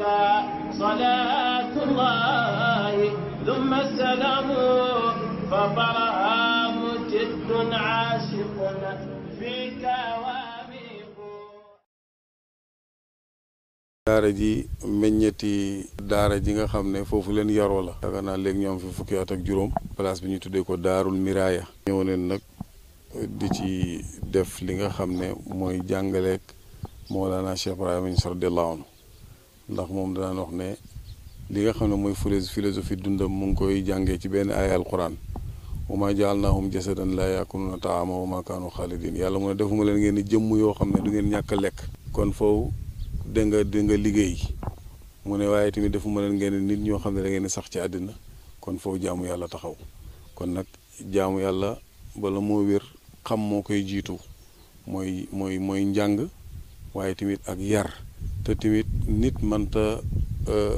عليك daara ji meññeeti daara ji nga xam ne foofu leen yaroo la yaakaar naa léegi ñoo fi fukki ak juróom place bi ñu tuddee ko daarul miraaya ñëw neen nag di ci def li nga xam ne mooy jàngaleek Mawlana Cheikh Ibrahima Niass radiyallahu anhu ndax moom danaan wax ne li nga xam ne mooy philosophie dundam mu ngi koy jàngee ci benn ay alquran wa maa jaalnaahum jasadan laa yaakuluna taama wa maa kaanu xaalidin yàlla mu ne defuma leen ngeen jëmm yoo xam ne du ngeen ñàkk a lekk kon foofu da nga da nga liggéey mu ne waaye tamit defuma leen ngeen nit ñoo xam ne da ngeen sax ci àddina kon foofu jaamu yàlla taxaw kon nag jaamu yàlla bala moo wér xam moo koy jiitu mooy mooy mooy njàng waaye tamit ak yar te tamit nit mënta euh,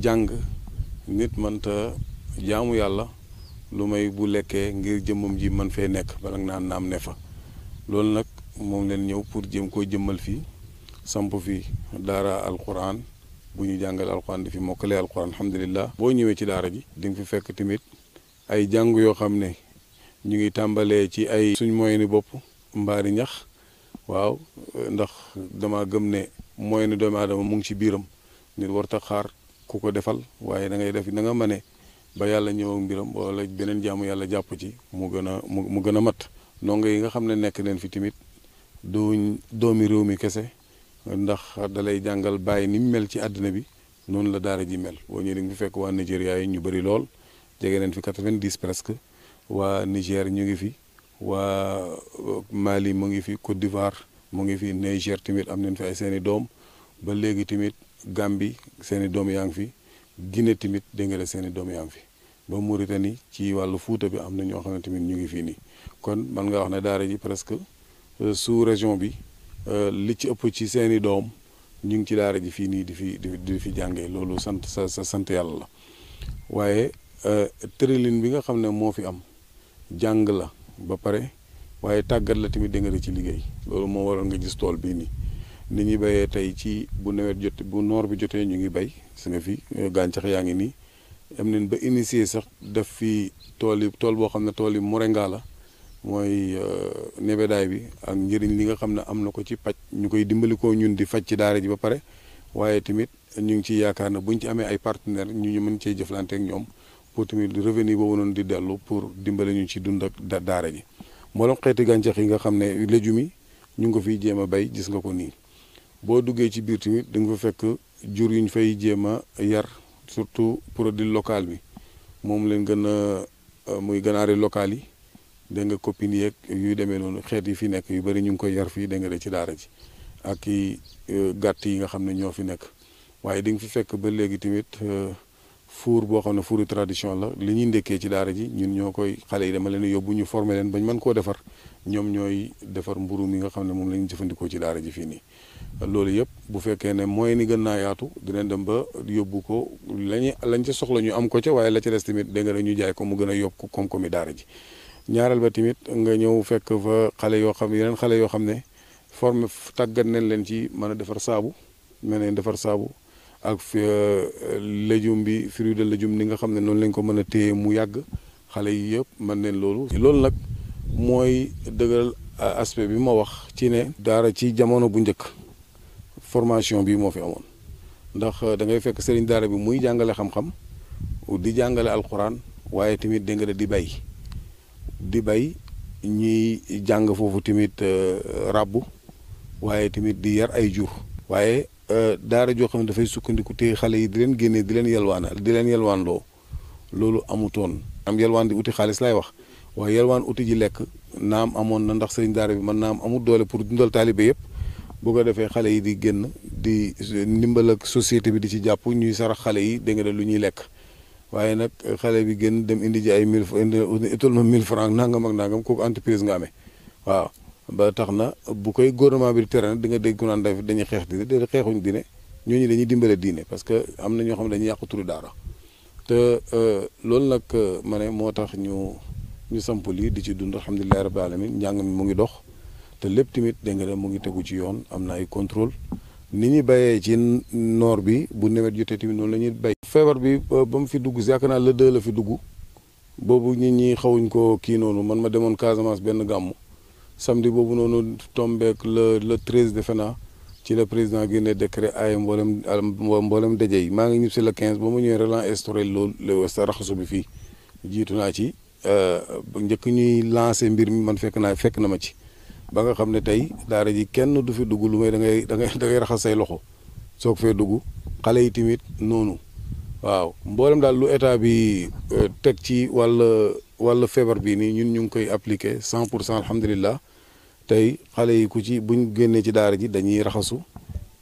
jàng nit mënta jaamu yàlla lu may bu lekkee ngir jëmmam ji man fee nekk bala naan naam ne fa loolu nag moom leen ñëw pour jëm koo jëmmal fii samp fi daara alquran bu ñu jàngal alquran di fi mokkale alquran alhamdulilah boo ñëwee ci daara ji di nga fi fekk tamit ay jàng yoo xam ne ñu ngi tàmbalee ci ay suñ moyeni bopp mbaari ñax waaw ndax dama gëm ne mooy ne doomu aadama mu ngi ci biiram nit warta xaar ku ko defal waaye da ngay def nanga ma ne ba yàlla ñëw mbiram wala beneen jaamu yàlla jàpp ci mu gën a mu gën a mat ndongo yi nga xam ne nekk neen fi tamit duñ doomi réew mi kese ndax dalay jàngal bàyyi ni mu mel ci àddina bi noonu la daara ji mel boo ñëwee di nga fekk waa Nigéria yi ñu bëri lool jege neen fi 90 presque waa Niger ñu ngi fi waa Mali mu ngi fi Côte d'Ivoire mu ngi fi Niger tamit am nañ fi ay seen doom ba léegi tamit Gambie seen i doom yaa ngi fi Guinée tamit dégg nga seen i doom yaa ngi fi ba Mauritanie ci wàllu Fuuta bi am na ñoo xam ne tamit ñu ngi fii nii kon man nga wax ne daara ji presque euh, sous région bi euh, li ci ëpp ci seeni doom ñu ngi ci daara ji fii nii di fi di fi jàngee loolu sant sa sa sant yàlla la waaye euh, tërëlin bi nga xam ne moo fi am jàng la ba pare. waaye tàggat la tamit dëngëre ci liggéey loolu moo waral nga gis tool bii nii ni ñuy bayee tey ci bu nawet jot bu noor bi jotee ñu ngi bay gis nga fi eh, gàncax yaa ngi nii am nañ ba initier sax def fii tool yi tool boo xam ne tool yi moringa la mooy eh, nebedaay bi ak njëriñ li nga xam ne am na ko ci paj ñu koy dimbalikoo ñun di faj ci daara ji ba pare waaye tamit ñu ngi ci yaakaar ne buñ ci amee ay partenaire ñu ñu mën cee jëflante ak ñoom pour tamit revenu boobu noonu di dellu pour dimbali ñu ci dund ak daara ji mboolem xeeti gàncax yi nga xam ne légumes yi ñu ngi ko fi jéem a béy gis nga ko nii boo duggee ci biir tamit da nga fa fekk jur yu ñu fay jéem a yar surtout produit local bi moom leen gën a euh, muy ganaari local yi da nga copine yeeg yuy demee noonu xeet yi fi nekk yu bëri ñu ngi koy yar fii da nga ci daara ji ak i euh, gàtt yi nga xam ne ñoo fi nekk waaye di nga fi fekk ba léegi tamit euh, four boo xam ne fouru tradition la li ñuy ndekkee ci daara ji ñun ñoo koy xale yi dama leen yóbbu ñu former leen ba ñu mën koo defar ñoom ñooy defar mburu mi nga xam ne moom la jëfandikoo ci daara ji fii nii loolu yëpp bu fekkee ne mooy ni gën naa yaatu dinañ dem ba yóbbu ko lañu lañ ca soxla ñu am ko ca waaye la ca des tamit dégg nga ñu jaay ko mu gën a yokk koom-koomi daara ji ñaareel ba tamit nga ñëw fekk fa xale yoo xam yeneen xale yoo xam ne forme tàggat nañ leen ci mën a defar saabu mën nañ defar saabu ak euh, légume bi fruit de légume ni nga xam ne noonu lañ ko mën a téye mu yàgg xale yi yëpp mën neen loolu loolu nag mooy dëgëral euh, aspect bi ma wax ci ne daara ci jamono bu njëkk formation bi moo fi amoon ndax euh, da ngay fekk sëriñ daara bi muy jàngale xam-xam di jàngale alxuraan waaye tamit dégg nga di bay di bay ñuy jàng foofu tamit ràbbu waaye tamit di yar ay jur waaye daara joo xam ne dafay sukkandiku téye xale yi di leen génnee di leen yalwaanal di leen yalwaanloo loolu amutoon am yalwaan di uti xaalis lay wax waaye yalwaan uti ji lekk naam amoon na ndax sëriñ daara bi mën am amul doole pour dundal taalibe yëpp bu ko defee xale yi di génn di ndimbal ak société bi di ci jàpp ñuy sarax xale yi dégg nga lu ñuy lekk waaye nag xale bi génn dem indi ji ay mille indi utal ma mille franc nangam ak nangam kooku entreprise nga amee waaw. ba tax na bu koy gouvernement bi di tere nag di nga dégg ku naan dañuy xeex diine déedéet xeexuñ diine ñooñu dañuy dimbale diine parce que am na ñoo xam ne dañuy yàq turu daara te euh, loolu nag euh, ma ne moo tax ñu ñu samp lii di ci dund alhamdulilah rabbil alamin njàng mi mu ngi dox te lépp tamit dégg nga mu ngi tegu ci yoon am na ay contrôle nit ñi béyee ci noor bi bu nawet jotee tamit noonu la ñuy béy. feebar bi ba mu fi dugg si yaakaar naa le deux la fi dugg boobu nit ñi xawuñ ko kii noonu man ma demoon Casamance benn gàmmu. samedi boobu noonu tombeek le le treize defe naa ci la président génne décret ay mboolem mboolem daje maa ngi ñib si le quinze ba mu ñëwee relan instauré loolu sa raxasu bi fii jiitu naa ci euh, njëkk ñuy lancé mbir mi man fekk naa fekk na ma ci ba nga xam ne tey daara ji kenn du fi dugg lu may da ngay da ngay da ngay say loxo soog fee dugg xale yi tamit noonu waaw mboolem daal lu état bi euh, teg ci wàll wàllu feebar bii nii ñun ñu ngi koy appliqué cent pour cent alhamdulilah tey xale yi ku ci buñ génnee ci daara ji dañuy raxasu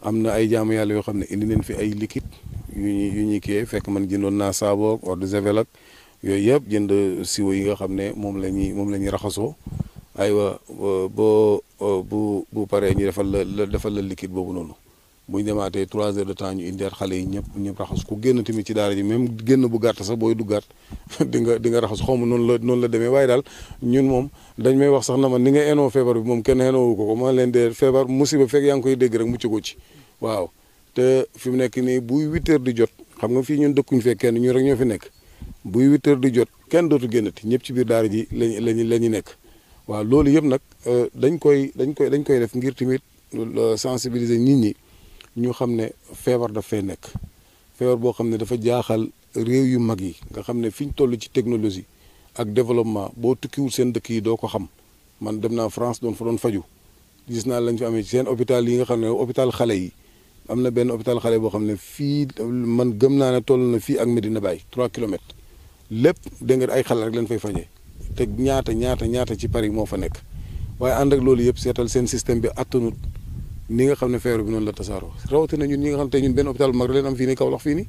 am na ay jaamu yàlla yoo xam ne indi neen fi ay liquide yu ñuy yu ñuy kii fekk man jëndoon naa saaboog eau ak yooyu yëpp jënd siwo yi nga xam ne moom la ñuy moom la ñuy raxasoo aywa boo bu bu paree ñu defal la defal la liquide boobu noonu. bu ñu demaatee trois heures de temps ñu indiwaat xale yi ñëpp ñëpp raxas ku génn tamit ci daara ji même génn bu gàtt sax booy duggaat di nga nga raxas xom ma noonu la noonu la demee waaye daal ñun moom dañ may wax sax na ma ni nga enoo feebar bi moom kenn enoowu ko ko ma leen dee feebar musiba fekk yaa ngi koy dégg rek mucc ko ci waaw te fi mu nekk nii buy huit di jot xam nga fii ñun dëkkuñ fee kenn ñu rek ñoo fi nekk buy huit heures di jot kenn dootu génn ti ñëpp ci biir daara ji lañ lañ la ñu nekk waaw loolu yëpp nag euh, dañ koy dañ koy dañ koy def ngir tamit euh, sensibiliser nit ñi ñu xam ne feebar daf fee nekk feebar boo xam ne dafa jaaxal réew yu mag yi nga xam ne fi ñu toll ci technologie ak développement boo tukkiwul seen dëkk yi doo ko xam man dem naa France doon fa doon faju gis naa lañ fi amee ci seen hôpital yi nga xam ne hôpital xale yi am na benn hôpital xale boo xam ne fii man gëm naa ne toll na fii ak Medina Baye trois kilomètres lépp dégg nga ay xale rek lañ fay faje teg ñaata ñaata ñaata ci Paris moo fa nekk waaye ànd ak loolu yëpp seetal seen système bi attanut ni nga xam ne feebar bi noonu la tasaaroo rawatina ñun ñi nga xam tey ñun benn hôpital bu mag leen am fii nii Kaolack fii nii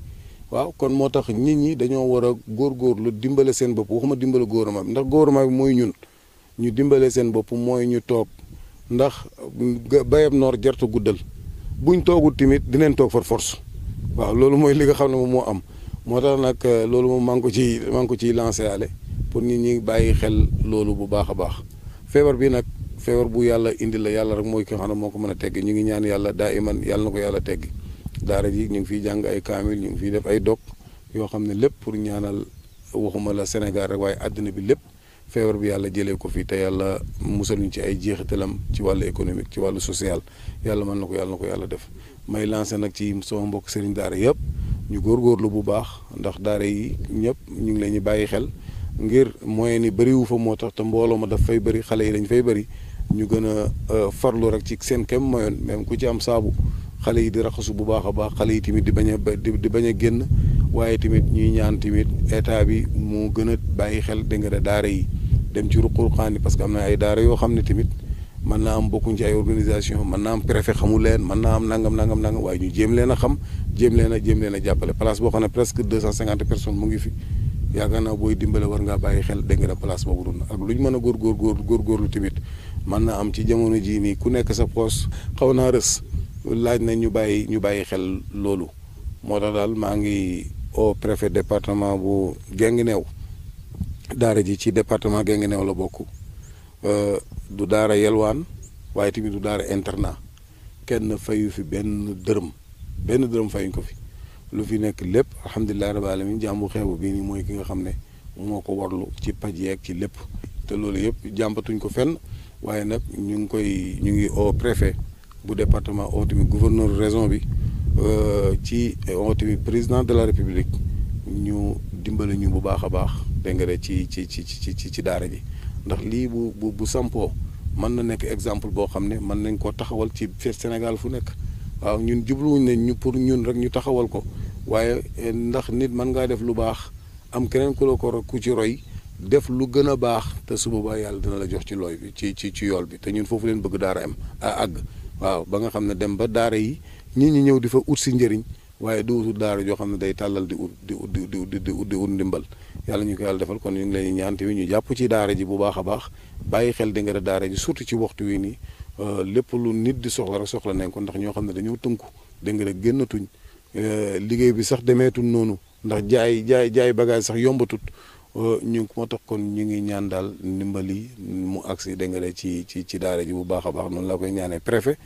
waaw kon moo tax nit ñi dañoo war a lu dimbale seen bopp waxuma dimbale gouvernement bi ndax bi mooy ñun ñu dimbale seen bopp mooy ñu toog ndax bayam noor jarta guddal buñ toogul tamit dinañ toog far force waaw loolu mooy li nga xam ne moom moo am moo tax nag euh, loolu moom maa ngi ko ciy maa ngi ko ciy lancé ale pour nit ñi bàyyi xel loolu bu baax a baax feebar bii nag feebar bu yàlla indi la yàlla rek mooy ki xam ne moo ko mën a tegg ñu ngi ñaan yàlla daa iman yàlla na ko yàlla teggi daara ji ñu ngi fiy jàng ay kaamil ñu ngi fiy def ay dog yoo xam ne lépp pour ñaanal waxuma la Sénégal rek waaye àddina bi lépp feebar bi yàlla jëlee ko fii te yàlla musal ñu ci ay jeexitalam ci wàllu économique ci wàllu social yàlla mën na ko yàlla ko yàlla def may lancé nag ci sama mbokk sëriñ daara yëpp ñu góor góorgóorlu bu baax ndax daara yi ñëpp ñu ngi leen ñi bàyyi xel ngir moyen ni bariwu fa moo tax te mbooloo ma daf fay bari xale yi dañ fay bëri ñu gën a euh, farlu rek ci seen kem mayoon même ku ci am saabu xale yi di raxasu bu baax a baax xale yi tamit di bañ a di bañ a génn waaye tamit ñuy ñaan tamit état bi mu gën a bàyyi xel dégg nga daara yi dem ci ruqurqaan yi parce que am na ay daara yoo xam ne tamit mën naa am bokkuñ ci ay organisation mën naa am préfet xamul leen mën naa am nangam nangam nangam waaye ñu jéem leen a xam jéem leen a jéem leen a jàppale place boo xam ne presque deux cent cinquante personnes mu ngi fi yaakaar naa booy dimbale war ngaa bàyyi ñu mën a góorgóor mën na am ci jamono jii nii ku nekk sa poos xaw naa rës laaj na ñu bàyyi ñu bàyyi xel loolu moo tax daal maa ngi au préfet département bu new daara ji ci département new la bokk euh, du daara yelwaan waaye tamit du daara internat kenn fayu fi benn dërëm benn dërëm fayuñ ko fi lu fi nekk lépp alhamdulilah rabbil alamin jàmbu xeebu bii nii mooy ki nga xam ne moo ko warlu ci paj yeeg ci lépp te loolu yëpp jàmbatuñ ko fenn waaye nag ñu ngi koy ñu ngi au préfet bu département oo bi gouverneur région bi ci oo tamit président de la république ñu dimbali ñu bu baax a baax dégg nga ci ci ci ci ci daara ji ndax lii bu bu bu sampoo mën na nekk exemple boo xam ne mën nañ ko taxawal ci fii Sénégal fu nekk waaw ñun jubluwuñ ne ñu pour ñun rek ñu taxawal ko waaye eh, ndax nit mën ngaa def lu baax am keneen ku la ko ku ci roy. def lu gën a baax te su boobaa yàlla dina la jox ci looy bi ci ci ci yool bi te ñun foofu leen bëgg daara am à àgg waaw ba nga xam ne dem ba daara yi ñi ñi ñëw di fa ut si njëriñ waaye du utul daara joo xam ne day tàllal di ut di ut di di ut di ut ndimbal yàlla ñu ko yàlla defal kon ñu ngi leen ñaan tamit ñu jàpp ci daara ji bu baax a baax bàyyi xel di nga daara ji surtout ci waxtu wi nii euh, lépp lu nit di soxla rek soxla nañ ko ndax ñoo xam ne dañoo tënku dégg nga génnatuñ euh, liggéey bi sax demeetul noonu ndax jaay jaay jaay bagage sax yombatut ñu moo tax kon ñu ngi ñaan daal ndimbali mu agsi dégg nga ci ci ci daara ji bu baax a baax noonu la koy ñaanee préfet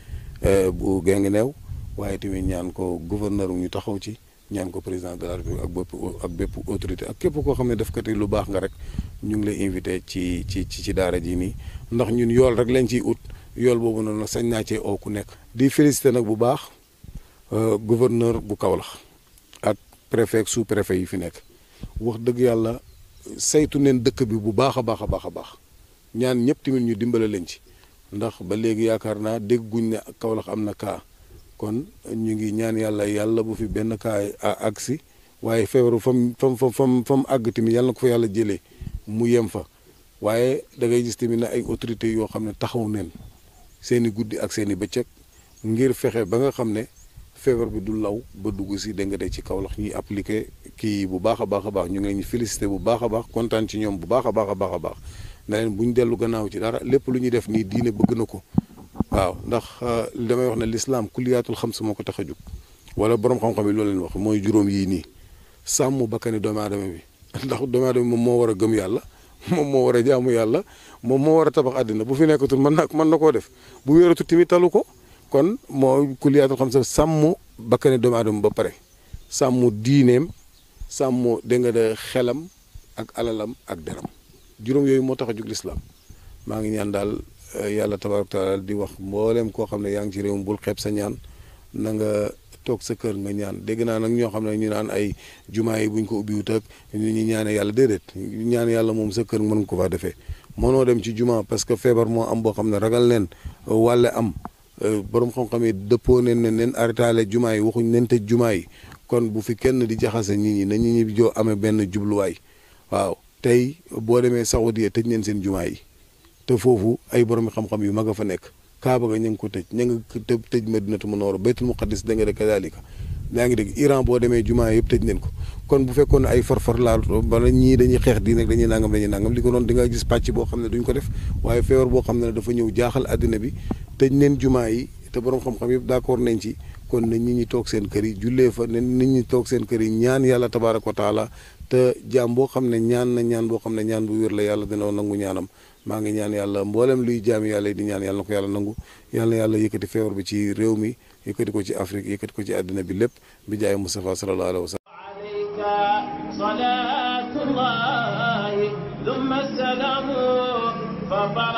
euh, bu Guinguinéo waaye tamit ñaan ko gouverneur ñu taxaw ci ñaan ko président de la République ak bépp ak bépp autorité ak képp koo xam ne def kati lu baax nga rek ñu ngi lay invité ci ci ci daara ji nii ndax ñun yool rek lañ ciy ut yool boobu noonu nag sañ naa cee oo ku nekk. di félicité nag bu baax euh, gouverneur bu kaw Kaolack ak préfet sous préfet yi fi nekk yàlla. saytu neen dëkk bi bu baax a baax a baax a baax ñaan ñëpp tamit ñu dimbale leen ci ndax ba léegi yaakaar naa dégguñ ne Kaolack am na kaa kon ñu ngi ñaan yàlla yàlla bu fi benn kaa àgg si waaye feebaru fam fam fam fam fam àgg yàlla na ko fa yàlla jële mu yem fa waaye da ngay gis tamit ne ay autorités yoo xam ne taxawu neen seeni guddi ak seeni bëccëg ngir fexe ba nga xam ne feebar bi du law ba dugg si dégg nga de ci Kaolack ñuy appliqué kii bu baax a baax a baax ñu ngi leen félicité bu baax a baax kontaan ci ñoom bu baax a baax a baax a baax na leen bu ñu dellu gannaaw ci dara lépp lu ñuy def nii diine bëgg na ko waaw ndax euh, damay wax na lislaam kulliyaatul xam suma ko tax a jóg wala borom xam-xam yi loolu leen wax mooy juróom yii nii sàmm bakkani doomu aadama bi ndax doomu aadama bi moom moo war a gëm yàlla moom moo war a jaamu yàlla moom moo war a tabax àddina bu fi nekkatul mën na mën na koo def bu wéeratul tamit talu ko kon moo kuliyaatul xam sa sàmm bakkane doomu aadama ba pare sàmm diineem sàmm dégg de xelam ak alalam ak deram juróom yooyu moo tax a jug lislaam maa ngi ñaan daal eh, yàlla tabaaraka taala di wax mbooleem koo xam ne yaa ngi ci réewum bul xeeb sa ñaan na nga toog sa kër nga ñaan dégg naa nag ñoo xam ne ñu naan ay jumaa yi buñ ko ubbiwut ak ñu ñaanee yàlla yàlla déedéet ñaan yàlla moom sa kër mën nga ko faa defee mënoo dem ci jumaa parce que feebar moo am boo xam ne ragal leen wàlle am Euh, borom xam-xam yi dëppoo nañ ne neen arrêté jumaa yi waxuñ neen tëj jumaa yi kon bu fi kenn di jaxase nit ñi nañu ñi joo amee benn jubluwaay waaw tey boo demee Saoudia tëj neen seen jumaa yi te foofu ay borom xam-xam yu mag a fa nekk Kaaba ga ñu ngi ko tëj ña nga tëj Madinatu Munawwara Baytul Muqaddis da nga de kadalika yaa ngi dégg Iran boo demee jumaa yëpp tëj neen ko kon bu fekkoon ay farfar laalu bala ñii dañuy xeex di nag dañuy nangam dañuy nangam li ko doon di nga gis pàcc boo xam ne duñ ko def waaye feebar boo xam ne dafa ñëw jaaxal àddina bi tëj neen jumaa yi te borom xam-xam yëpp d'accord nañ ci kon na nit ñi toog seen kër yi jullee fa ne nit ñi toog seen kër yi ñaan yàlla tabaaraka wa taala te jaam boo xam ne ñaan na ñaan boo xam ne ñaan bu wér la yàlla dina nangu ñaanam maa ngi ñaan yàlla mboolem luy jaam yàlla di ñaan yàlla na ko yàlla nangu yàlla na yàlla yëkkati feebar bi ci réew mi yëkkati ko ci Afrique yëkkati ko ci àddina bi lépp bi jaay Moustapha sallallahu alayhi wa sallam alayka salaatullahi thumma salaamu